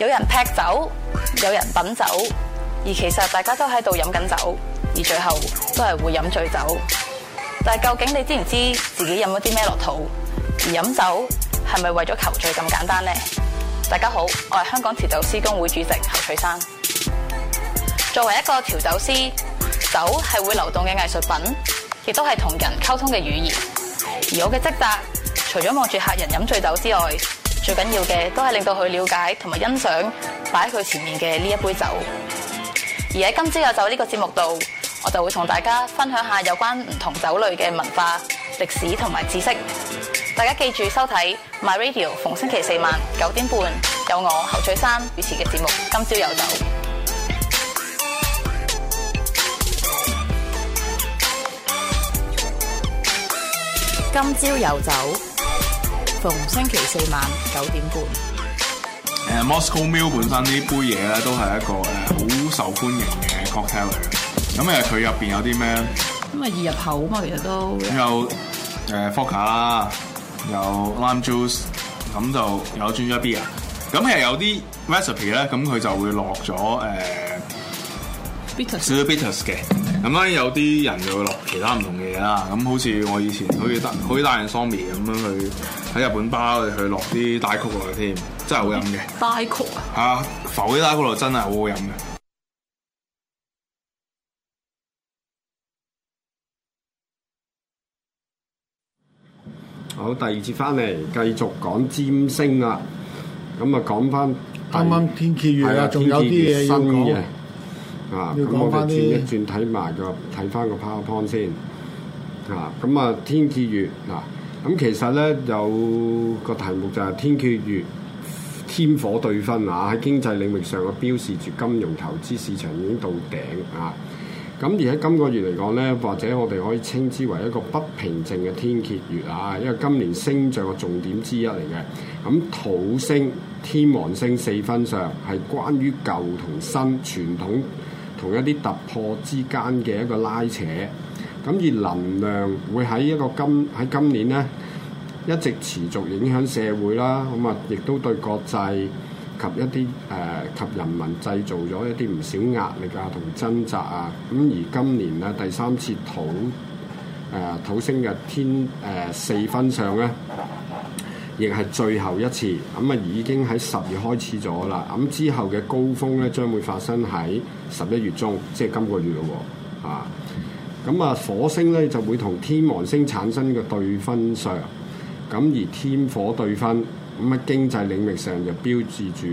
有人劈酒，有人品酒，而其實大家都喺度飲緊酒，而最後都係會飲醉酒。但究竟你知唔知自己飲咗啲咩落肚，而飲酒係咪為咗求醉咁簡單呢？大家好，我係香港調酒師工會主席,侯翠珊最緊要嘅都係令到佢了解同埋欣賞擺喺佢前面嘅呢一杯酒。而喺今朝有酒呢個節目度，我就會同大家分享下有關唔同酒類嘅文化、歷史同埋知識。大家記住收睇 My Radio，逢星期四晚九點半有我侯翠珊主持嘅節目《今朝有酒》。今朝有酒。逢星期四晚九點半。誒、uh,，Moscow Mule 本身杯呢杯嘢咧，都係一個誒好、uh, 受歡迎嘅 cocktail 嚟嘅。咁誒，佢入邊有啲咩？咁啊，易入口啊嘛，其實都。有、uh, 誒 vodka 啦、啊，有 lime juice，咁就有 ginger beer 咁誒有啲 recipe 咧，咁佢就會落咗誒 bitters, sweet bitters 嘅。咁當然有啲人就會落其他唔同嘅嘢啦。咁好似我以前好似帶好似帶嘅 soy 咁樣去。喺日本包嚟去落啲帶曲落去添，真係好飲嘅。帶曲啊！嚇，浮啲帶曲落去真係好好飲嘅。好，第二節翻嚟，繼續講占星啦。咁啊，講翻啱啱天蠍月，啊，仲有啲嘢要講。啊，咁我哋轉一轉，睇埋個睇翻個 PowerPoint 先。啊，咁啊，天蠍月嗱。咁其實咧有個題目就係天蠍月，天火對分啊！喺經濟領域上，我標示住金融投資市場已經到頂啊！咁而喺今個月嚟講咧，或者我哋可以稱之為一個不平靜嘅天蠍月啊！因為今年升漲嘅重點之一嚟嘅，咁、啊、土星、天王星四分上係關於舊同新、傳統同一啲突破之間嘅一個拉扯。咁而能量會喺一個今喺今年呢，一直持續影響社會啦，咁啊亦都對國際及一啲誒、呃、及人民製造咗一啲唔少壓力啊同掙扎啊，咁而今年啊第三次土誒、呃、土星嘅天誒、呃、四分相呢，亦係最後一次，咁、嗯、啊已經喺十月開始咗啦，咁、嗯、之後嘅高峰呢，將會發生喺十一月中，即係今個月咯喎、啊，啊！咁啊，火星咧就會同天王星產生呢個對分相，咁而天火對分，咁啊經濟領域上就標誌住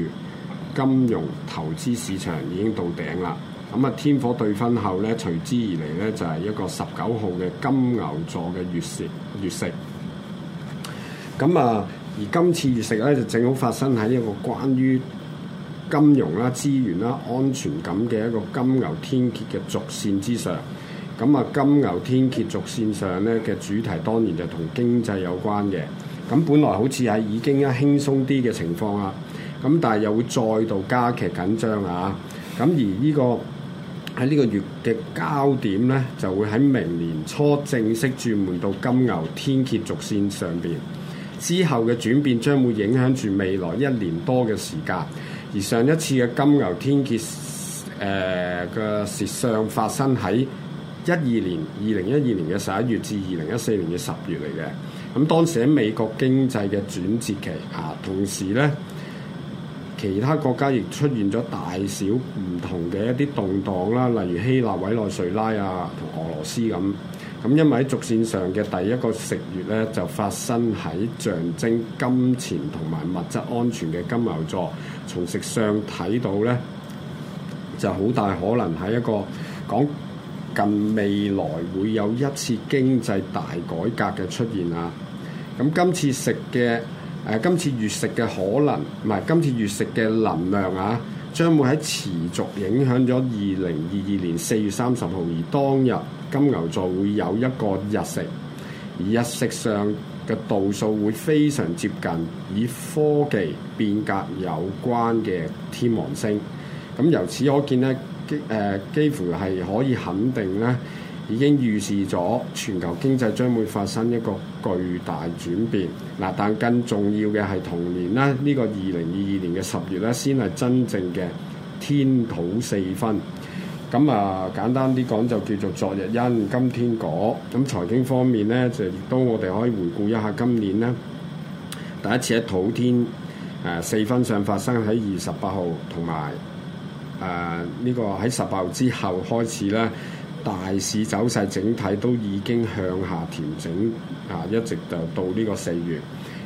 金融投資市場已經到頂啦。咁啊天火對分後咧，隨之而嚟咧就係一個十九號嘅金牛座嘅月食月食。咁啊，而今次月食咧就正好發生喺一個關於金融啦、資源啦、安全感嘅一個金牛天蠍嘅軸線之上。咁啊，金牛天蠍軸線上咧嘅主題當然就同經濟有關嘅。咁本來好似係已經一輕鬆啲嘅情況啦，咁但係又會再度加劇緊張啊！咁而呢、這個喺呢、這個月嘅焦點咧，就會喺明年初正式轉換到金牛天蠍軸線上邊，之後嘅轉變將會影響住未來一年多嘅時間。而上一次嘅金牛天蠍誒嘅時相發生喺～一二年二零一二年嘅十一月至二零一四年嘅十月嚟嘅，咁當時喺美國經濟嘅轉折期，啊，同時咧，其他國家亦出現咗大小唔同嘅一啲動盪啦，例如希臘、委內瑞拉啊，同俄羅斯咁。咁因為喺軸線上嘅第一個食月咧，就發生喺象徵金錢同埋物質安全嘅金牛座，從食相睇到咧，就好大可能係一個講，近未來會有一次經濟大改革嘅出現啊！咁今次食嘅誒、呃，今次月食嘅可能唔係今次月食嘅能量啊，將會喺持續影響咗二零二二年四月三十號，而當日金牛座會有一個日食，而日食上嘅度數會非常接近以科技變革有關嘅天王星，咁由此可見咧。基誒幾乎係可以肯定咧，已經預示咗全球經濟將會發生一個巨大轉變。嗱，但更重要嘅係同年咧，這個、年呢個二零二二年嘅十月咧，先係真正嘅天土四分。咁啊，簡單啲講就叫做昨日因，今天果。咁財經方面咧，就亦都我哋可以回顧一下今年咧，第一次喺土天誒、呃、四分上發生喺二十八號，同埋。誒呢、啊呢個喺十八號之後開始咧，大市走勢整體都已經向下調整，嚇、啊、一直就到呢個四月。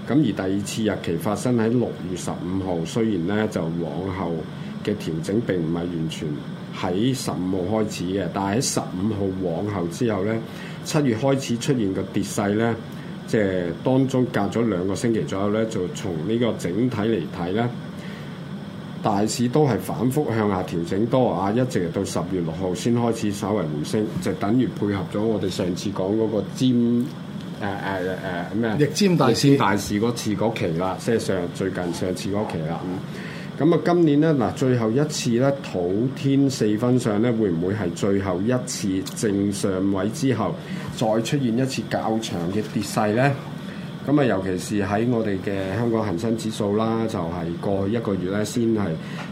咁而第二次日期發生喺六月十五號，雖然咧就往後嘅調整並唔係完全喺十五號開始嘅，但係喺十五號往後之後咧，七月開始出現嘅跌勢咧，即、就、係、是、當中隔咗兩個星期左右咧，就從呢個整體嚟睇咧，大市都係反覆向下調整多啊，一直到十月六號先開始稍為回升，就等於配合咗我哋上次講嗰個尖誒誒誒咩逆尖大市大市嗰次嗰期啦，即係上最近上次嗰期啦。咁咁啊，今年咧嗱，最後一次咧土天四分上咧，會唔會係最後一次正上位之後，再出現一次較長嘅跌勢咧？咁啊，尤其是喺我哋嘅香港恒生指數啦，就係、是、過去一個月咧，先係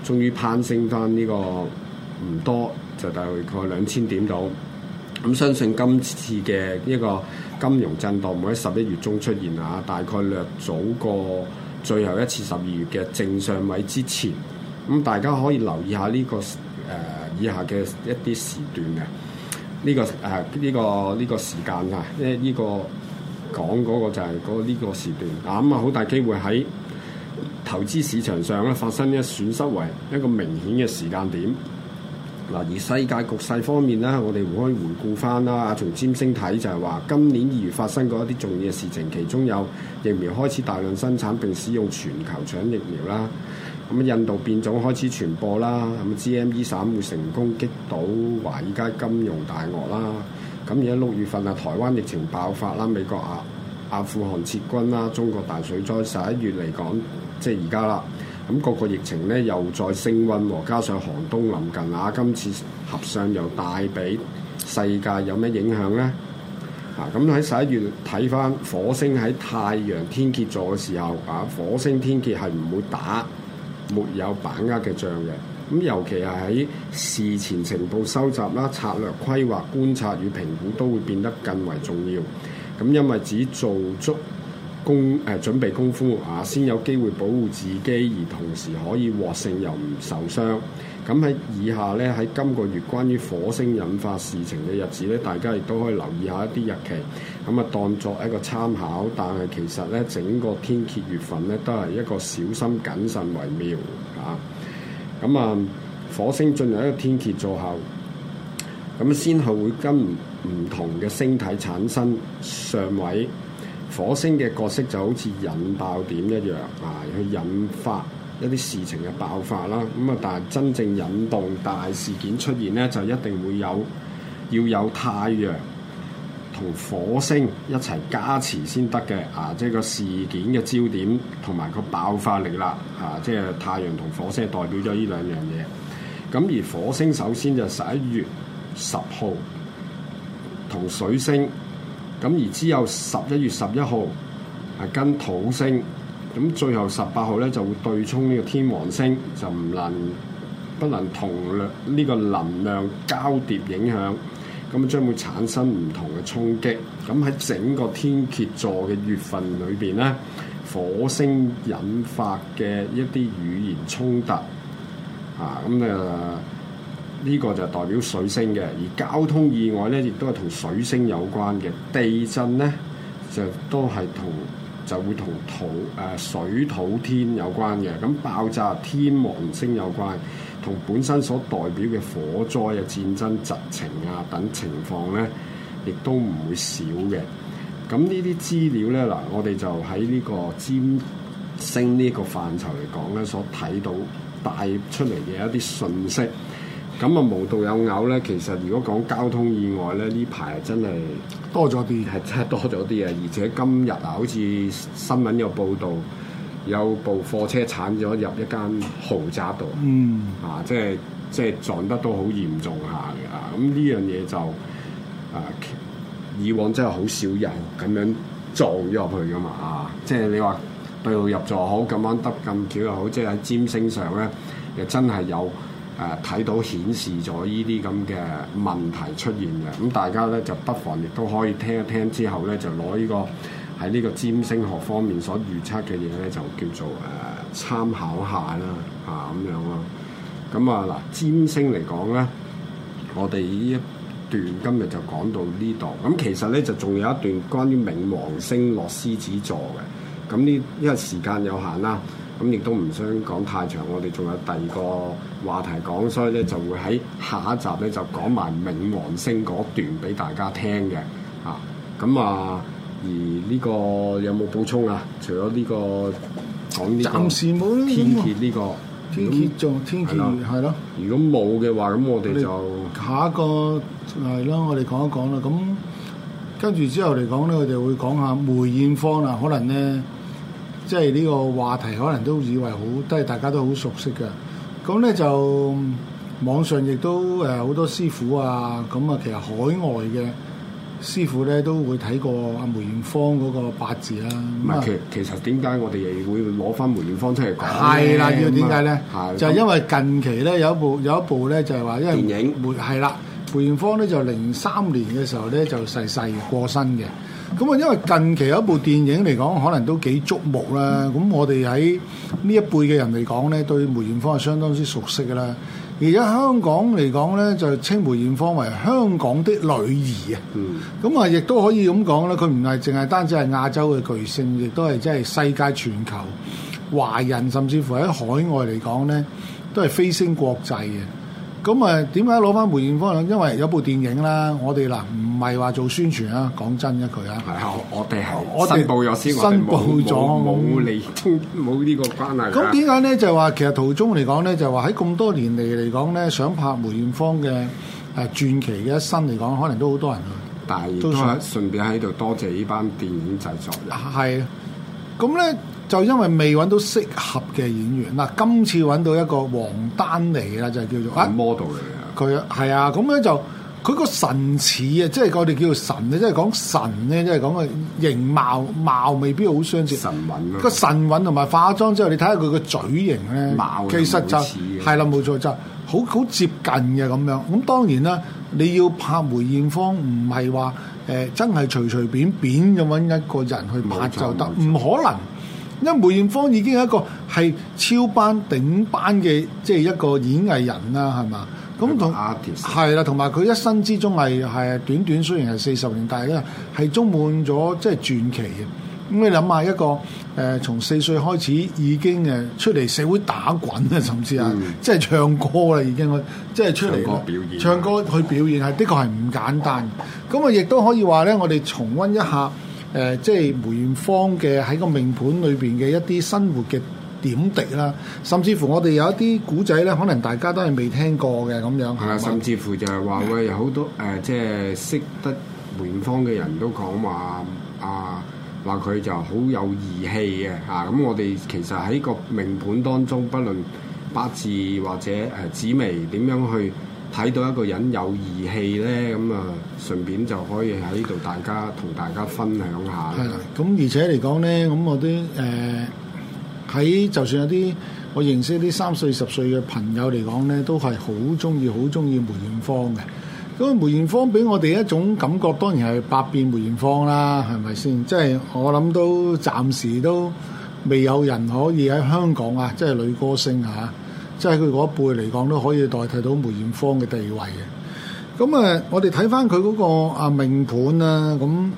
終於攀升翻呢個唔多，就大概兩千點度。咁、嗯、相信今次嘅呢個金融震蕩盪，喺十一月中出現啊，大概略早過最後一次十二月嘅正上位之前。咁、嗯、大家可以留意下呢、這個誒、呃、以下嘅一啲時段嘅呢、這個誒呢、呃這個呢、這個時間啊，呢、這、呢個。講嗰個就係嗰呢個時段，嗱咁啊，好大機會喺投資市場上咧發生一損失為一個明顯嘅時間點。嗱，而世界局勢方面咧，我哋可以回顧翻啦。從占星睇就係話，今年二月發生過一啲重要嘅事情，其中有疫苗開始大量生產並使用，全球搶疫苗啦。咁、嗯、印度變種開始傳播啦。咁、嗯、GME 散會成功擊倒華爾街金融大鱷啦。咁而家六月份啊，台灣疫情爆發啦，美國啊阿富汗撤軍啦，中國大水災。十一月嚟講，即係而家啦。咁、那個個疫情咧又再升溫和加上寒冬臨近啊。今次合相又帶俾世界有咩影響咧？啊，咁喺十一月睇翻火星喺太陽天蠍座嘅時候啊，火星天蠍係唔會打沒有把握嘅仗嘅。咁尤其係喺事前情報收集啦、策略規劃、觀察與評估，都會變得更為重要。咁因為只做足功誒、呃、準備功夫啊，先有機會保護自己，而同時可以獲勝又唔受傷。咁、啊、喺以下咧，喺今個月關於火星引發事情嘅日子咧，大家亦都可以留意一下一啲日期，咁啊當作一個參考。但係其實咧，整個天蠍月份咧，都係一個小心謹慎為妙嚇。啊咁啊，火星進入一個天蠍座後，咁先後會跟唔同嘅星體產生相位。火星嘅角色就好似引爆點一樣啊，去引發一啲事情嘅爆發啦。咁啊，但係真正引動大事件出現咧，就一定會有要有太陽。同火星一齊加持先得嘅，啊，即係個事件嘅焦點同埋個爆發力啦，啊，即係太陽同火星代表咗呢兩樣嘢。咁而火星首先就十一月十號同水星，咁而之後十一月十一號係跟土星，咁最後十八號咧就會對沖呢個天王星，就唔能不能同量呢個能量交疊影響。咁啊，將會產生唔同嘅衝擊。咁喺整個天蠍座嘅月份裏邊咧，火星引發嘅一啲語言衝突啊，咁啊，呢個就代表水星嘅。而交通意外咧，亦都係同水星有關嘅。地震咧，就都係同就會同土誒、啊、水土天有關嘅。咁爆炸天王星有關。同本身所代表嘅火災、啊、戰爭、疾情啊等情況咧，亦都唔會少嘅。咁呢啲資料咧嗱，我哋就喺呢個占星呢個範疇嚟講咧，所睇到帶出嚟嘅一啲信息。咁啊，無獨有偶咧，其實如果講交通意外咧，呢排真係多咗啲，係真係多咗啲啊！而且今日啊，好似新聞有報道。有部貨車鏟咗入一間豪宅度，嗯啊，啊，即係即係撞得都好嚴重下嘅。咁呢樣嘢就啊，以往真係好少人咁樣撞咗入去噶嘛啊！即係你話對號入座好，咁啱得咁巧又好，即係喺占星上咧，亦真係有誒睇、啊、到顯示咗呢啲咁嘅問題出現嘅。咁、啊、大家咧就不妨亦都可以聽一聽之後咧，就攞呢個。喺呢個占星學方面所預測嘅嘢咧，就叫做誒、呃、參考下啦，嚇、啊、咁樣咯。咁啊嗱，占星嚟講咧，我哋呢一段今日就講到呢度。咁、啊、其實咧就仲有一段關於冥王星落獅子座嘅。咁、啊、呢因為時間有限啦，咁、啊、亦都唔想講太長。我哋仲有第二個話題講，所以咧就會喺下一集咧就講埋冥王星嗰段俾大家聽嘅。嚇咁啊！啊而呢、呢個有冇補充啊？除咗呢個講呢個，呢個、暫時冇呢、呢個天結呢個天結柱天結，係咯。如果冇嘅話，咁我哋就下一個係咯，我哋講一講啦。咁跟住之後嚟講咧，我哋會講下梅艷芳啦。可能咧，即係呢個話題，可能都以為好都係大家都好熟悉嘅。咁咧就網上亦都誒好、呃、多師傅啊，咁啊其實海外嘅。師傅咧都會睇過阿梅豔芳嗰個八字啦、啊。唔係是、嗯，其實其實點解我哋會攞翻梅豔芳出嚟講？係啦的，要點解咧？的就係因為近期咧有一部有一部咧就係、是、話因為電影。梅、係啦，梅豔芳咧就零三年嘅時候咧就細細過身嘅。咁啊，因為近期有一部電影嚟講，可能都幾矚目啦。咁、嗯、我哋喺呢一輩嘅人嚟講咧，對梅豔芳係相當之熟悉嘅啦。而家香港嚟講咧，就稱梅艷芳為香港的女兒啊！咁啊、嗯，亦都可以咁講咧，佢唔係淨係單止係亞洲嘅巨星，亦都係即係世界全球華人，甚至乎喺海外嚟講咧，都係飛升國際嘅。咁啊，點解攞翻梅艷芳咧？因為有部電影啦，我哋嗱。唔係話做宣傳啊！講真一句啊，係啊，我哋係，我哋報咗先，我哋報咗，冇嚟冇呢個關係。咁點解呢？就係話其實途中嚟講呢，就係話喺咁多年嚟嚟講呢，想拍梅艷芳嘅傳奇嘅一生嚟講，可能都好多人，都想順便喺度多謝呢班電影製作人。係啊，咁呢，就因為未搵到適合嘅演員。嗱，今次搵到一個王丹妮啦，就係叫做 model 嚟嘅，佢係啊，咁呢就佢個神似啊，即係我哋叫做神咧，即係講神咧，即係講個形貌貌未必好相似。神，啊、神韻個神韻同埋化妝之後，你睇下佢個嘴型咧，貌其實就係啦，冇錯，錯就好好接近嘅咁樣。咁當然啦，你要拍梅艷芳，唔係話誒真係隨隨便便咁揾一個人去拍就得，唔可能。因為梅艷芳已經係一個係超班頂班嘅，即係一個演藝人啦，係嘛？咁同係啦，同埋佢一生之中係係短短，雖然係四十年，但係咧係充滿咗即係傳奇嘅。咁你諗下一個誒、呃，從四歲開始已經誒出嚟社會打滾啊，甚至啊，嗯、即係唱歌啦已經，即係出嚟唱歌表演，唱歌去表演係的確係唔簡單。咁啊，亦都可以話咧，我哋重溫一下誒、呃，即係梅艷芳嘅喺個命盤裏邊嘅一啲生活嘅。點滴啦，甚至乎我哋有一啲古仔咧，可能大家都係未聽過嘅咁樣。係啊的，吧甚至乎就係話的喂，有好多誒、呃，即係識得梅芳嘅人都講話啊，話佢就好有義氣嘅嚇。咁、啊嗯、我哋其實喺個命盤當中，不論八字或者誒紫微點樣去睇到一個人有義氣咧，咁、嗯、啊，順便就可以喺度大家同大家分享下。係啦，咁而且嚟講咧，咁我都誒。呃喺就算有啲我認識啲三四十歲嘅朋友嚟講咧，都係好中意、好中意梅艷芳嘅。咁啊，梅艷芳俾我哋一種感覺，當然係百變梅艷芳啦，係咪先？即係我諗都暫時都未有人可以喺香港啊，即係女歌星啊，即係佢嗰一輩嚟講都可以代替到梅艷芳嘅地位嘅。咁啊，我哋睇翻佢嗰個啊命盤啦。咁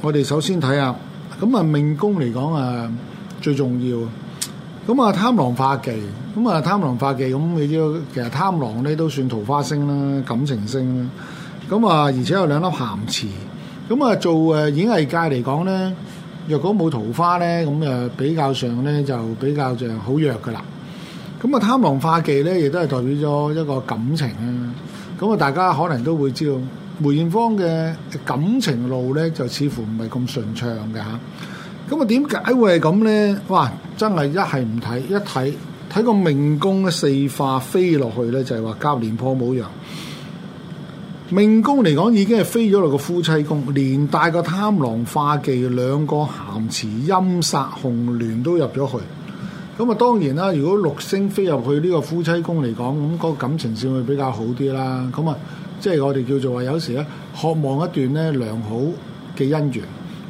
我哋首先睇下咁啊命宮嚟講啊，最重要。咁啊，貪狼化忌，咁啊貪狼化忌，咁你知，其實貪狼咧都算桃花星啦，感情星啦。咁啊，而且有兩粒咸池。咁啊，做誒演藝界嚟講咧，若果冇桃花咧，咁誒比較上咧就比較就好弱㗎喇。咁啊，貪狼化忌咧，亦都係代表咗一個感情咧。咁啊，大家可能都會知道梅艷芳嘅感情路咧，就似乎唔係咁順暢㗎吓。咁啊，點解會係咁呢？哇！真係一係唔睇，一睇睇個命宮咧四化飛落去咧，就係話交年破冇羊。命宮嚟講已經係飛咗落個夫妻宮，連帶個貪狼化忌兩個咸池陰煞紅鸞都入咗去。咁啊，當然啦，如果六星飛入去呢個夫妻宮嚟講，咁個感情線會比較好啲啦。咁啊，即係我哋叫做話，有時咧渴望一段咧良好嘅姻緣，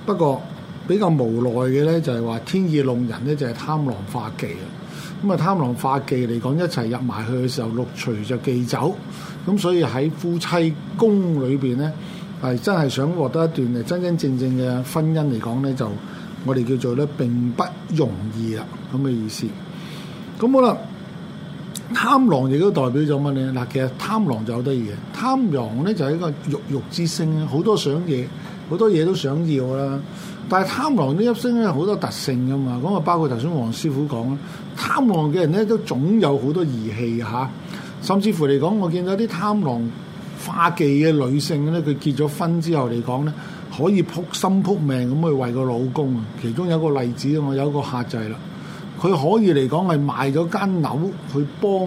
不過。比較無奈嘅咧，就係話天意弄人咧，就係貪狼化忌啊。咁啊，貪狼化忌嚟講，一齊入埋去嘅時候，祿隨就忌走。咁所以喺夫妻宮裏邊咧，係真係想獲得一段真真正正嘅婚姻嚟講咧，就我哋叫做咧並不容易啦。咁嘅意思。咁好啦，貪狼亦都代表咗乜嘢？嗱，其實貪狼就好得意嘅，貪狼咧就係一個慾慾之星啦，好多想嘢，好多嘢都想要啦。但係貪狼一聲呢一星咧，好多特性㗎嘛。咁啊，包括頭先黃師傅講啦，貪狼嘅人咧都總有好多義氣。嚇、啊。甚至乎嚟講，我見到啲貪狼化忌嘅女性咧，佢結咗婚之後嚟講咧，可以撲心撲命咁去為個老公。其中有一個例子，我有一個客仔啦、就是，佢可以嚟講係賣咗間樓去幫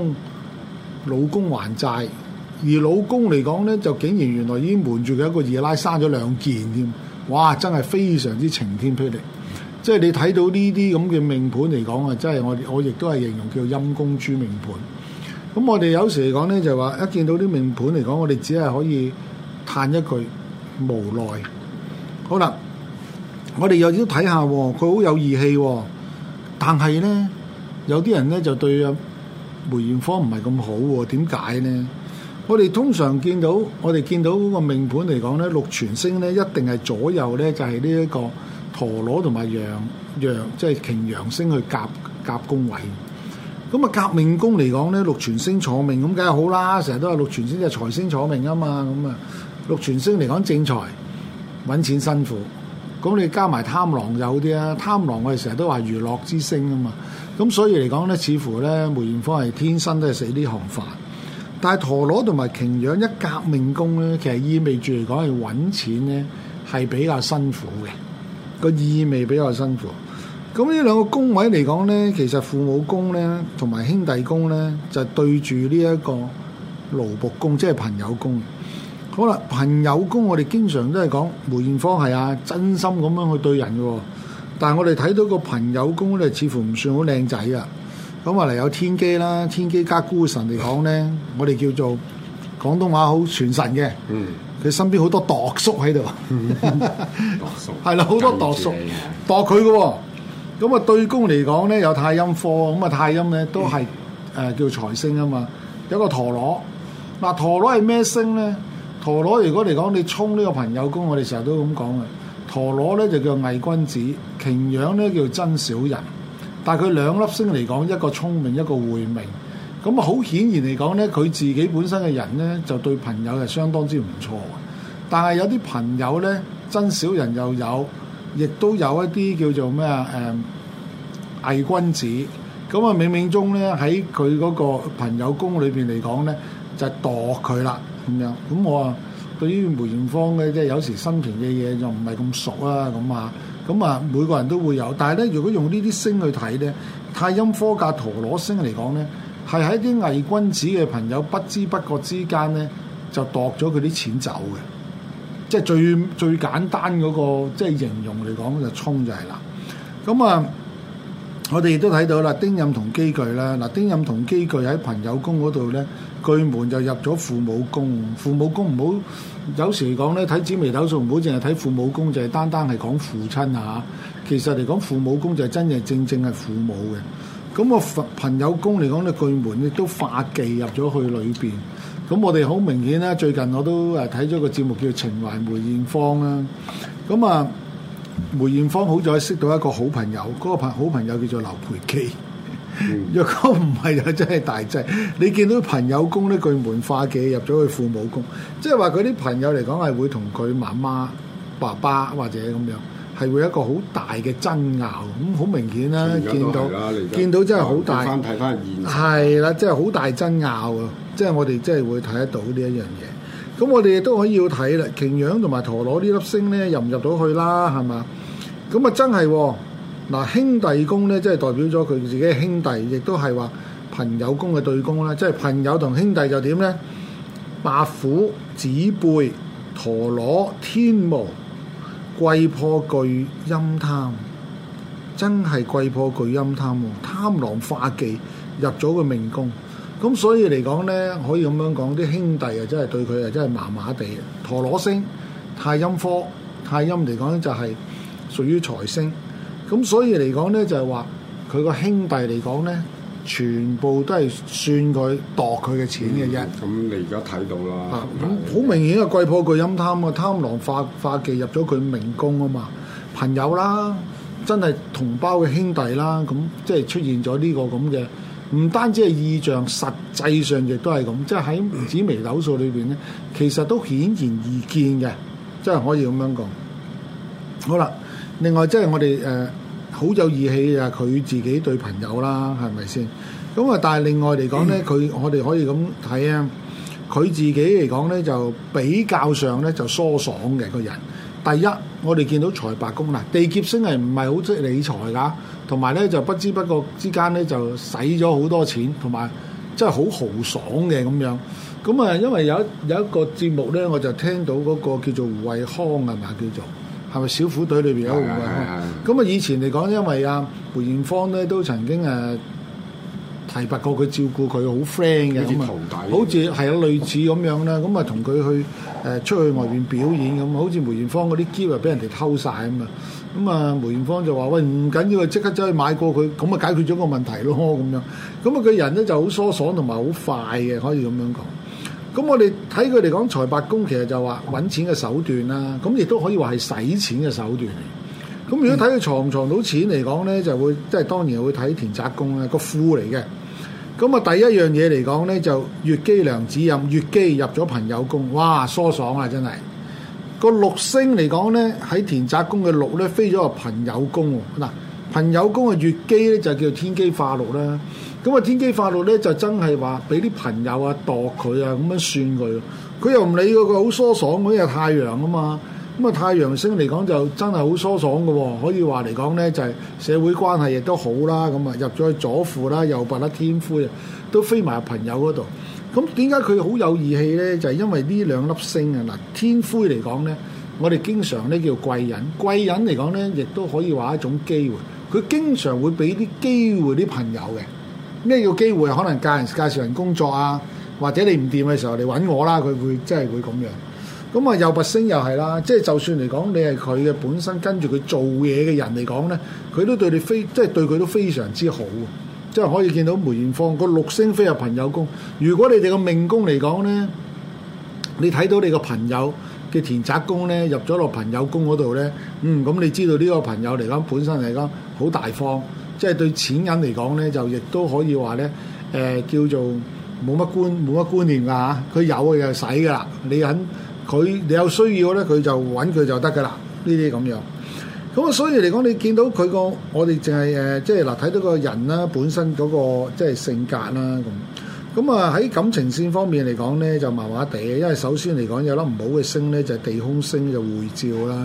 老公還債，而老公嚟講咧就竟然原來已經瞞住佢一個二奶生咗兩件添。哇！真係非常之晴天霹靂，即係你睇到呢啲咁嘅命盤嚟講啊，真係我我亦都係形容叫陰公豬命盤。咁我哋有時嚟講咧，就話、係、一見到啲命盤嚟講，我哋只係可以嘆一句無奈。好啦，我哋又啲睇下，佢、哦、好有義氣、哦，但係咧有啲人咧就對梅艶芳唔係咁好喎？點解咧？我哋通常見到，我哋見到嗰個命盤嚟講咧，祿存星咧一定係左右咧就係呢一個陀羅同埋羊羊，即係擎羊星去夾夾宮位。咁啊，夾命宮嚟講咧，祿存星坐命咁梗係好啦。成日都話祿存星就係財星坐命啊嘛，咁啊祿存星嚟講正財揾錢辛苦。咁你加埋貪狼就好啲啦，貪狼我哋成日都話娛樂之星啊嘛。咁所以嚟講咧，似乎咧梅豔芳係天生都係食呢行飯。但係陀羅同埋擎羊一革命宮咧，其實意味住嚟講係揾錢咧係比較辛苦嘅，個意味比較辛苦。咁呢兩個宮位嚟講咧，其實父母宮咧同埋兄弟宮咧就對住呢一個奴僕宮，即係朋友宮。好啦，朋友宮我哋經常都係講梅艷芳係啊，真心咁樣去對人嘅。但係我哋睇到個朋友宮咧，似乎唔算好靚仔啊。咁啊嚟有天機啦，天機加孤神嚟講咧，我哋叫做廣東話好傳神嘅，佢身邊好多度叔喺度，度叔係啦，好多度叔，度佢嘅咁啊對宮嚟講咧有太陰科，咁啊太陰咧都係誒叫財星啊嘛，有個陀羅，嗱陀羅係咩星咧？陀羅如果嚟講你衝呢個朋友宮，我哋成日都咁講嘅，陀羅咧就叫偽君子，擎羊咧叫真小人。但係佢兩粒星嚟講，一個聰明一個會明。咁啊好顯然嚟講咧，佢自己本身嘅人咧就對朋友係相當之唔錯嘅。但係有啲朋友咧，真小人又有，亦都有一啲叫做咩啊誒偽君子，咁啊冥冥中咧喺佢嗰個朋友宮裏邊嚟講咧，就度佢啦咁樣。咁我啊對於梅豔芳咧即係有時新田嘅嘢就唔係咁熟啊咁啊。咁啊，每個人都會有，但係咧，如果用呢啲星去睇咧，太陰科格陀羅星嚟講咧，係喺啲偽君子嘅朋友不知不覺之間咧，就度咗佢啲錢走嘅，即係最最簡單嗰個即係形容嚟講就衝就係啦。咁啊，我哋亦都睇到啦，丁任同機具啦，嗱丁任同機具喺朋友宮嗰度咧。巨門就入咗父母宮，父母宮，唔好有時嚟講咧，睇紫微斗數唔好淨係睇父母宮，就係單單係講父親啊，其實嚟講父母宮就真係正正係父母嘅。咁個朋朋友宮嚟講咧，巨門亦都化忌入咗去裏邊。咁我哋好明顯啦，最近我都誒睇咗個節目叫做《情懷梅艷芳》啦。咁啊，梅艷芳好在識到一個好朋友，嗰、那個朋好朋友叫做劉培基。若、嗯、果唔係就真係大劑，你見到朋友宮呢巨門化忌入咗佢父母宮，即係話佢啲朋友嚟講係會同佢媽媽、爸爸或者咁樣，係會有一個好大嘅爭拗咁，好、嗯、明顯、啊、啦。見到就見到真係好大，翻睇翻現、啊。係啦、啊，真係好大爭拗啊！即係我哋即係會睇得到呢一樣嘢。咁我哋都可以要睇啦，擎羊同埋陀羅呢粒星咧入唔入到去啦？係嘛？咁啊真係。嗱兄弟宮咧，即係代表咗佢自己嘅兄弟，亦都係話朋友宮嘅對宮啦。即係朋友同兄弟就點咧？白虎、子背陀螺天魔貴破巨陰貪，真係貴破巨陰貪喎！貪狼化忌入咗個命宮，咁所以嚟講咧，可以咁樣講，啲兄弟啊，真係對佢啊，真係麻麻地。陀螺星太陰科，太陰嚟講就係屬於財星。咁所以嚟講咧，就係話佢個兄弟嚟講咧，全部都係算佢度佢嘅錢嘅啫。咁你而家睇到啦，咁好、嗯、明顯啊！貴破巨陰貪啊，貪狼化化忌入咗佢明宮啊嘛，朋友啦，真係同胞嘅兄弟啦，咁即係出現咗呢、這個咁嘅，唔單止係意象，實際上亦都係咁，即係喺紫微斗數裏邊咧，其實都顯然易見嘅，即係可以咁樣講。好啦，另外即係我哋誒。呃好有義氣啊！佢自己對朋友啦，係咪先？咁啊，但係另外嚟講呢，佢、嗯、我哋可以咁睇啊，佢自己嚟講呢，就比較上呢，就疏爽嘅個人。第一，我哋見到財帛宮啦，地劫星係唔係好識理財噶？同埋呢，就不知不覺之間呢，就使咗好多錢，同埋真係好豪爽嘅咁樣。咁啊，因為有有一個節目呢，我就聽到嗰個叫做胡慧康係嘛，叫做。係咪小虎隊裏邊有一個？咁啊，以前嚟講，因為阿梅艷芳咧都曾經誒提拔過佢，照顧佢，好 friend 嘅嘛。好似係有類似咁樣啦。咁啊，同佢去誒出去外邊表演咁啊，好似梅艷芳嗰啲鑰啊俾人哋偷曬啊咁啊，梅艷芳就話：喂，唔緊要啊，即刻走去買過佢，咁啊解決咗個問題咯咁樣。咁啊，佢人咧就好疏爽同埋好快嘅，可以咁樣講。咁我哋睇佢哋講財帛宮，其實就話揾錢嘅手段啦，咁亦都可以話係使錢嘅手段嚟。咁如果睇佢藏唔藏到錢嚟講咧，嗯、就會即係當然會睇田宅宮啦，個庫嚟嘅。咁啊，第一樣嘢嚟講咧，就乙機梁紫陰，乙機入咗朋友宮，哇，疏爽啊，真係個祿星嚟講咧，喺田宅宮嘅祿咧飛咗落朋友宮喎。嗱，朋友宮啊，乙機咧就叫天機化祿啦。咁啊，天機化祿咧就真係話俾啲朋友啊，度佢啊咁樣算佢，佢又唔理佢，好疏爽佢啲係太陽啊嘛。咁啊，太陽星嚟講就真係好疏爽嘅、哦，可以話嚟講咧就係、是、社會關係亦都好啦。咁啊，入咗去左輔啦，右弼啦，天魁啊，都飛埋朋友嗰度。咁點解佢好有義氣咧？就係因為呢兩粒星啊。嗱，天魁嚟講咧，我哋經常咧叫貴人，貴人嚟講咧亦都可以話一種機會，佢經常會俾啲機會啲朋友嘅。咩叫機會？可能介紹介紹人工作啊，或者你唔掂嘅時候你揾我啦，佢會真係會咁樣。咁、嗯、啊，又拔星又係啦，即係就算嚟講，你係佢嘅本身跟住佢做嘢嘅人嚟講咧，佢都對你非即係對佢都非常之好，即係可以見到梅豔芳個六星飛入朋友宮。如果你哋個命宮嚟講咧，你睇到你，朋朋、嗯、你個朋友嘅田宅宮咧入咗落朋友宮嗰度咧，嗯，咁你知道呢個朋友嚟講本身嚟講好大方。即係對錢銀嚟講咧，就亦都可以話咧，誒、呃、叫做冇乜觀冇乜觀念㗎嚇。佢、啊、有嘅就使㗎啦，你肯佢你有需要咧，佢就揾佢就得㗎啦。呢啲咁樣，咁、嗯、啊，所以嚟講，你見到佢個我哋淨係誒，即係嗱睇到個人啦，本身嗰、那個即係性格啦咁。咁啊喺、啊、感情線方面嚟講咧，就麻麻地，因為首先嚟講有粒唔好嘅星咧，就係、地空星就會照啦。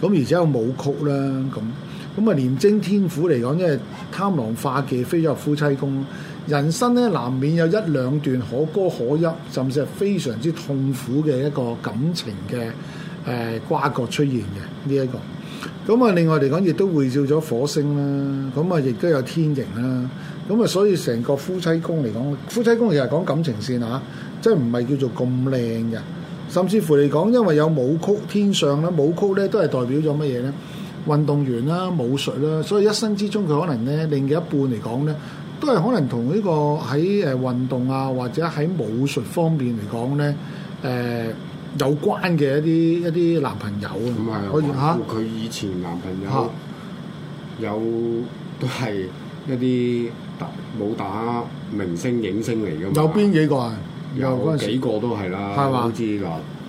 咁、啊啊、而且有舞曲啦咁。啊啊啊啊啊啊咁啊，廉貞天府嚟講，因為貪狼化忌飛咗入夫妻宮，人生咧難免有一兩段可歌可泣，甚至係非常之痛苦嘅一個感情嘅誒瓜葛出現嘅呢一個。咁啊，另外嚟講，亦都會照咗火星啦，咁啊，啊，亦都有天刑啦。咁啊，啊，所以成個夫妻宮嚟講，夫妻宮其實講感情線吓，即係唔係叫做咁靚嘅，甚至乎嚟講，因為有武曲天相啦，武曲咧都係代表咗乜嘢咧？運動員啦、啊、武術啦、啊，所以一生之中佢可能咧，另一半嚟講咧，都係可能同呢個喺誒運動啊，或者喺武術方面嚟講咧，誒、呃、有關嘅一啲一啲男朋友咁、嗯、好似啊。咁啊，吓，佢以前男朋友有、啊、有都係一啲武打明星影星嚟嘅嘛。有邊幾個啊？個時有幾個都係啦，吧好似嗱，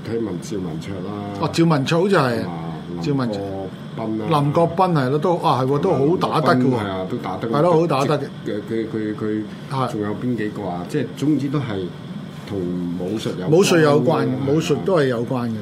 睇文趙文卓啦。哦，趙文卓好似係啊，趙文卓。林國斌係咯、啊啊，都啊係都好打得嘅喎，係咯好打得嘅。佢佢佢仲有邊幾個啊？即係總之都係同武術有武術有關，的武術都係有關嘅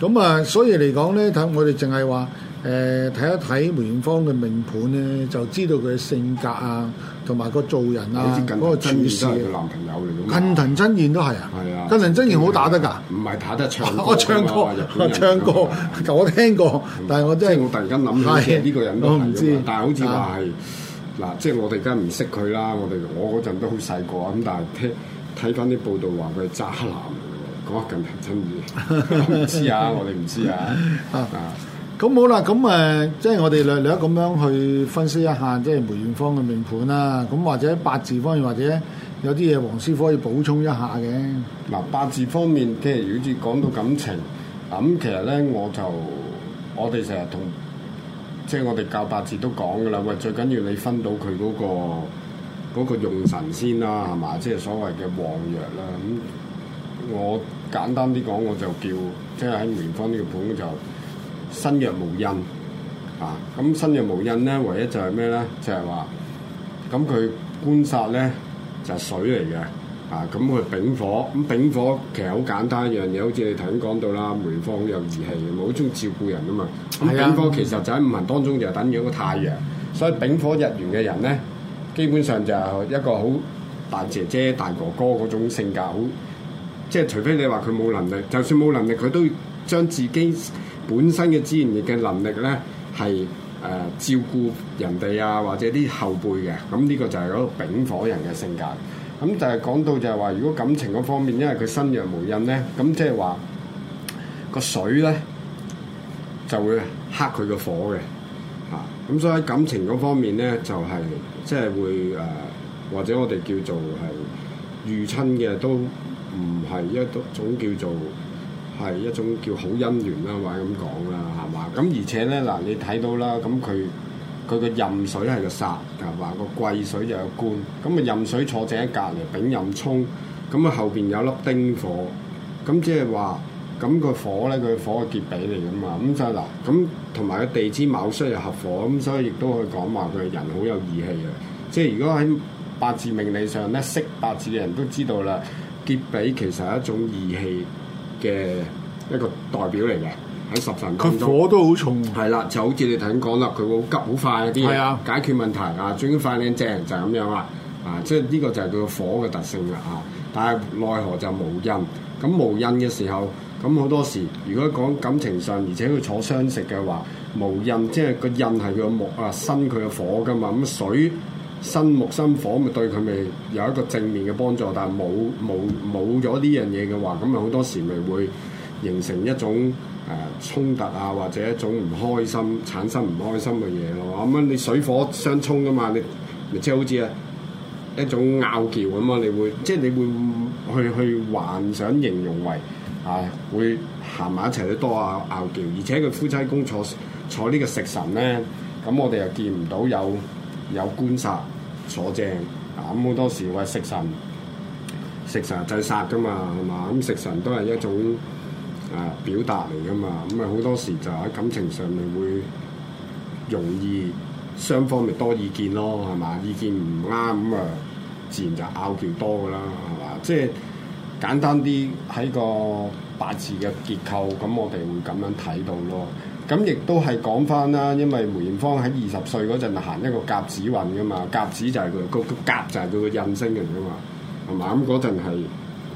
咁。咁的啊，所以嚟講咧，睇我哋淨係話誒，睇、呃、一睇梅艷芳嘅命盤咧，就知道佢嘅性格啊。同埋個做人啊，嗰個處事，佢近藤真彥男朋友嚟嘅嘛？近藤真彥都係啊，近藤真彥好打得㗎？唔係打得唱，我唱歌，唱歌，我聽過，但係我真係我突然間諗起呢個人都，我唔知，但係好似話係嗱，即係我哋而家唔識佢啦，我哋我嗰陣都好細個啊咁，但係聽睇翻啲報道話佢係渣男嚟嘅，講緊近藤真彥。唔知啊，我哋唔知啊。咁好啦，咁誒，即係我哋略略咁樣去分析一下，即係梅豔芳嘅命盤啦。咁或者八字方面，或者有啲嘢黃師傅可以補充一下嘅。嗱，八字方面，即係如果似講到感情，咁其實咧，我就我哋成日同，即係我哋教八字都講噶啦。喂，最緊要你分到佢嗰個用神先啦，係嘛？即係所謂嘅旺弱啦。咁我簡單啲講，我就叫，即係喺梅豔芳呢個盤就。身弱無印，啊，咁身弱無印咧，唯一就係咩咧？就係、是、話，咁佢官殺咧就係、是、水嚟嘅。啊，咁佢丙火，咁、嗯、丙火其實好簡單一樣嘢，好似你頭先講到啦，梅芳好有義氣嘅，冇好鍾意照顧人啊嘛。咁、嗯、丙火其實就喺五行當中就係等於一個太陽，所以丙火日元嘅人咧，基本上就係一個好大姐姐、大哥哥嗰種性格，好，即、就、係、是、除非你話佢冇能力，就算冇能力，佢都將自己。本身嘅資源嘅能力咧，係誒、呃、照顧人哋啊，或者啲後輩嘅，咁呢個就係嗰個丙火人嘅性格。咁就係講到就係話如果感情嗰方面，因為佢身弱無印咧，咁即係話個水咧就會剋佢個火嘅，吓、啊。咁所以喺感情嗰方面咧，就係即係會誒、呃，或者我哋叫做係遇親嘅都唔係一種叫做。係一種叫好姻緣啦，或者咁講啦，係嘛？咁而且咧嗱，你睇到啦，咁佢佢個壬水係個殺，就話個癸水就有官。咁啊壬水坐正喺隔離，丙壬沖，咁啊後邊有粒丁火，咁即係話咁個火咧，佢火劫比嚟㗎嘛。咁就嗱，咁同埋個地支卯戌又合火，咁所以亦都可以講話佢人好有義氣嘅。即係如果喺八字命理上咧，識八字嘅人都知道啦，劫比其實係一種義氣。嘅一個代表嚟嘅喺十神，佢火都好重。係啦，就好似你頭先講啦，佢好急好快嗰啲嘢，解，的解決問題啊，終於快靚正就係、是、咁樣啦、啊。啊，即係呢個就係佢個火嘅特性啦。啊，但係奈何就冇印。咁、啊、無印嘅時候，咁好多時如果講感情上，而且佢坐相食嘅話，無印即係個印係佢個木啊，生佢嘅火㗎嘛。咁、啊、水。辛木生火咪對佢咪有一個正面嘅幫助，但係冇冇冇咗呢樣嘢嘅話，咁咪好多時咪會形成一種誒衝、呃、突啊，或者一種唔開心，產生唔開心嘅嘢咯。咁、啊、樣你水火相沖噶嘛，你咪即係好似一種拗撬咁啊，你會即係你會去去幻想形容為啊會行埋一齊都多啊拗撬，而且佢夫妻宮坐坐呢個食神咧，咁我哋又見唔到有有官煞。坐正，咁、嗯、好多時喂食神，食神製煞噶嘛，係嘛？咁食神都係一種誒、呃、表達嚟噶嘛，咁咪好多時就喺感情上面會容易雙方咪多意見咯，係嘛？意見唔啱咁啊，自然就拗撬多噶啦，係嘛？即係簡單啲喺個八字嘅結構，咁我哋會咁樣睇到咯。咁亦都係講翻啦，因為梅艷芳喺二十歲嗰陣行一個甲子運噶嘛，甲子就係佢個甲就係佢個印星嚟噶嘛，係嘛？咁嗰陣係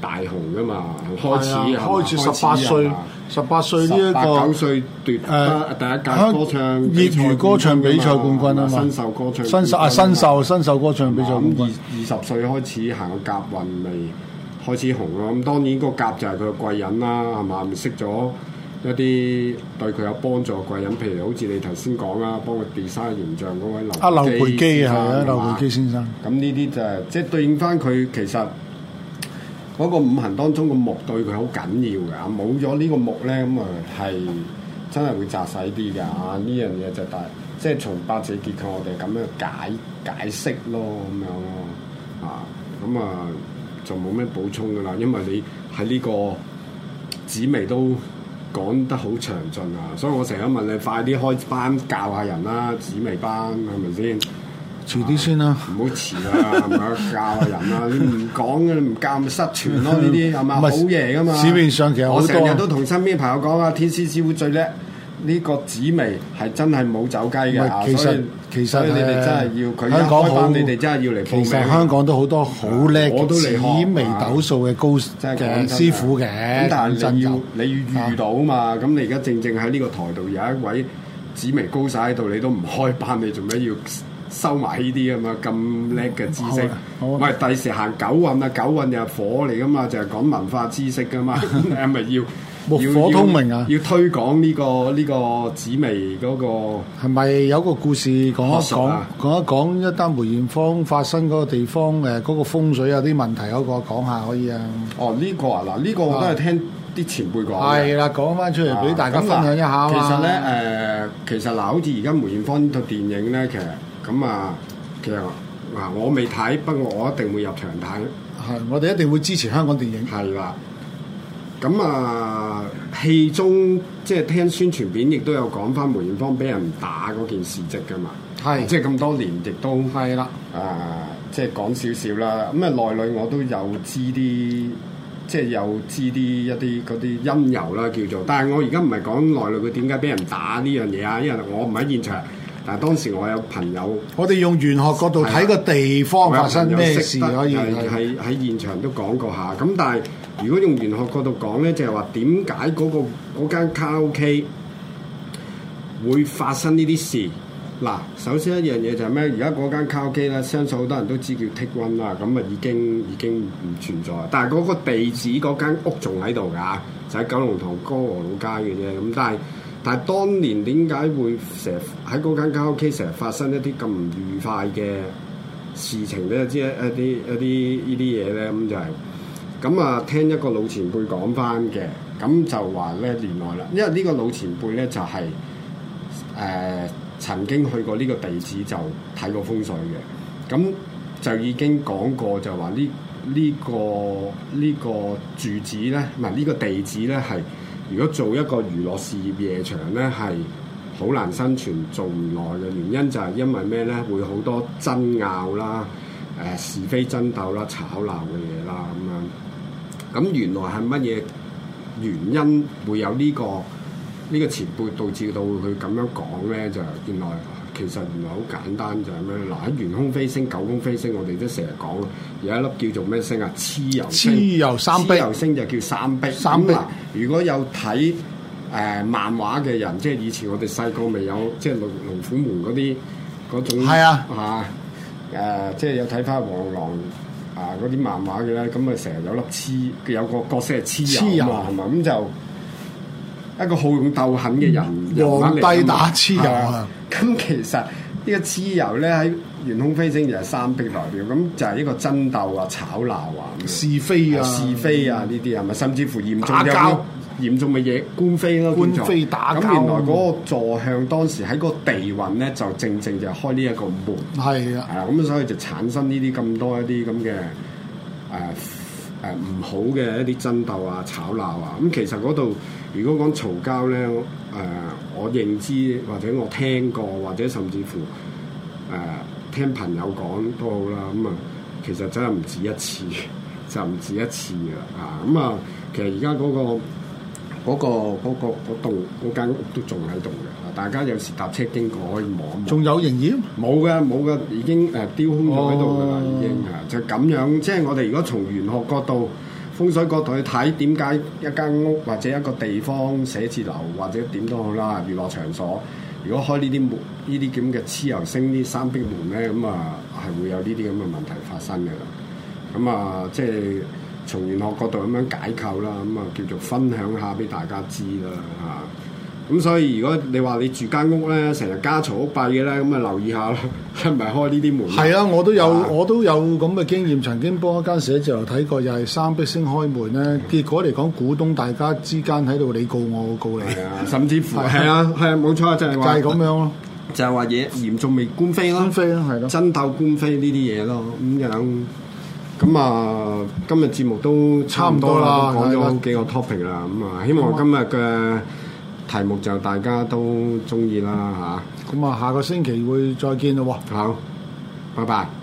大紅噶嘛，開始、啊、吧開始十八歲，十八歲呢、這、一個九歲奪誒、呃、第一屆歌唱歌唱比賽冠軍啊嘛，嘛吧新秀歌唱新秀啊新秀新秀歌唱比賽冠軍吧，20, 二十歲開始行個甲運咪開始紅咯。咁、嗯、當然個甲就係佢個貴人啦，係嘛？咪識咗。一啲對佢有幫助嘅貴人，譬如好似你頭先講啦，幫佢 design 形象嗰位劉阿、啊、劉培基嚇，啊、劉培基先生。咁呢啲就係即係對應翻佢其實嗰個五行當中木，個木對佢好緊要㗎冇咗呢個木咧，咁、嗯、啊係真係會窄細啲㗎嚇。呢樣嘢就大，即、就、係、是、從八字結構，我哋咁樣解解釋咯，咁樣咯嚇。咁啊就冇咩補充㗎啦，因為你喺呢個紫微都。講得好詳盡啊，所以我成日問你快啲開班教下人啦、啊，紫微班係咪先？啊、遲啲先啦，唔好遲啦，係咪教下人啦、啊？你唔講嘅，你唔教咪失傳咯、啊，呢啲係咪好嘢噶嘛？市面上其實我成日都同身邊朋友講啊，啊天獅師傅最叻。呢個紫微係真係冇走雞嘅，其以實所以其實你哋真係要佢開班，你哋真係要嚟報名。其實香港都好多好叻嘅紫微斗數嘅高師傅嘅，咁但係你要你，要你要遇到嘛？咁你而家正正喺呢個台度有一位紫微高手喺度，你都唔開班，你做咩要收埋呢啲啊嘛？咁叻嘅知識，唔係第時行九運啊！九運又係火嚟噶嘛，就係、是、講文化知識噶嘛，係咪要？木火通明啊！要推廣呢、這個呢、這個紫薇嗰、那個係咪有個故事講一講、啊、講一講，講一單梅艷芳發生嗰個地方誒嗰、那個風水有啲問題嗰、那個講下可以啊？哦，呢、這個啊嗱，呢、這個我都係聽啲前輩講係啦，講翻出嚟俾大家的分享一下其呢、呃。其實咧誒，其實嗱，好似而家梅艷芳套電影咧，其實咁啊，其實嗱，我未睇，不過我一定會入場睇。係，我哋一定會支持香港電影。係啦。咁啊，戲中即係聽宣傳片，亦都有講返梅豔芳俾人打嗰件事㗎嘛，即係咁多年亦都，啊，即係講少少的、嗯嗯、啦。咁啊，內裏我都有知啲，即係有知啲一啲嗰啲陰柔啦叫做。但係我而家唔係講內裏佢點解俾人打呢樣嘢啊，因為我唔喺現場，但係當時我有朋友，我哋用玄學角度睇的個地方發生咩事咯，係係喺現場都講過下。咁的但係。但但如果用玄學角度講咧，就係話點解嗰個嗰間卡拉 OK 會發生呢啲事？嗱，首先一樣嘢就係咩？而家嗰間卡拉 OK 咧，相信好多人都知叫 Take One 啦，咁啊已經已經唔存在。但係嗰個地址嗰間屋仲喺度㗎，就喺、是、九龍塘歌和老街嘅啫。咁但係但係當年點解會成日喺嗰間卡拉 OK 成日發生一啲咁唔愉快嘅事情咧？即、就、係、是、一啲一啲依啲嘢咧，咁就係、是。咁啊，聽一個老前輩講翻嘅，咁就話咧年內啦，因為呢個老前輩咧就係、是、誒、呃、曾經去過呢個地址就睇過風水嘅，咁就已經講過就話呢呢個呢、呢個住址咧，唔係呢個地址咧係，如果做一個娛樂事業夜場咧係好難生存做唔耐嘅，原因就係因為咩咧？會好多爭拗啦、誒、呃、是非爭鬥啦、吵鬧嘅嘢啦咁樣。咁原來係乜嘢原因會有呢、這個呢、這個前輩導致到佢咁樣講咧？就是、原來其實原係好簡單，就係咩？嗱喺玄空飛星、九宮飛星，我哋都成日講。有一粒叫做咩星啊？蚩尤。蚩尤三碧。蚩尤星就叫三碧三碧碑、嗯。如果有睇誒、呃、漫畫嘅人，即係以前我哋細個未有，即係《龍龍虎門》嗰啲嗰種。係啊。嚇、啊！誒、呃，即係有睇翻黃龍。啊！嗰啲漫畫嘅咧，咁咪成日有粒黐，有個角色係蚩尤啊，係嘛？咁就一個好勇鬥狠嘅人，黃帝打蚩尤。咁其實呢個蚩尤咧喺《玄空飛星》就係三碧代表，咁就係、是、呢個爭鬥啊、吵鬧啊、是非啊、啊嗯、是非啊呢啲係咪？甚至乎嚴重交。嚴重嘅嘢官非啦、啊、官非打交咁原來嗰個坐向當時喺個地運咧，就正正就開呢一個門，係啊，係啊，咁所以就產生呢啲咁多一啲咁嘅誒誒唔好嘅一啲爭鬥啊、吵鬧啊。咁、啊、其實嗰度如果講嘈交咧，誒、啊、我認知或者我聽過或者甚至乎誒、啊、聽朋友講都好啦。咁啊，啊，其實真係唔止一次，就唔止一次啊。啊，咁啊，其實而家嗰個。嗰、那個嗰、那個、那個、屋間屋都仲喺度嘅，大家有時搭車經過可以望一望。仲有營業？冇嘅，冇嘅，已經誒丟、呃、空咗喺度嘅啦，哦、已經嚇就咁樣。即係我哋如果從玄學角度、風水角度去睇，點解一間屋或者一個地方寫字樓或者點都好啦，娛樂場所，如果開呢啲門呢啲咁嘅黐油星、呢三壁門咧，咁啊係會有呢啲咁嘅問題發生嘅。咁啊，即係。從玄學角度咁樣解構啦，咁啊叫做分享下俾大家知啦嚇。咁所以如果你話你住間屋咧，成日家嘈屋閉嘅咧，咁啊留意下咯，係唔係開呢啲門？係啊，我都有我都有咁嘅經驗，曾經幫一間寫字樓睇過，又係三碧星開門咧。結果嚟講，股東大家之間喺度你告我，我告你，甚至乎係啊，係啊，冇錯啊，就係就係咁樣咯，就係話嘢嚴重未官非咯，官非咯，係咯，真鬥官非呢啲嘢咯，咁樣。咁啊、嗯，今日節目都差唔多啦，多講咗幾個 topic 啦，咁啊，希望今日嘅題目就大家都中意啦嚇。咁、嗯、啊，下個星期會再見咯。好，拜拜。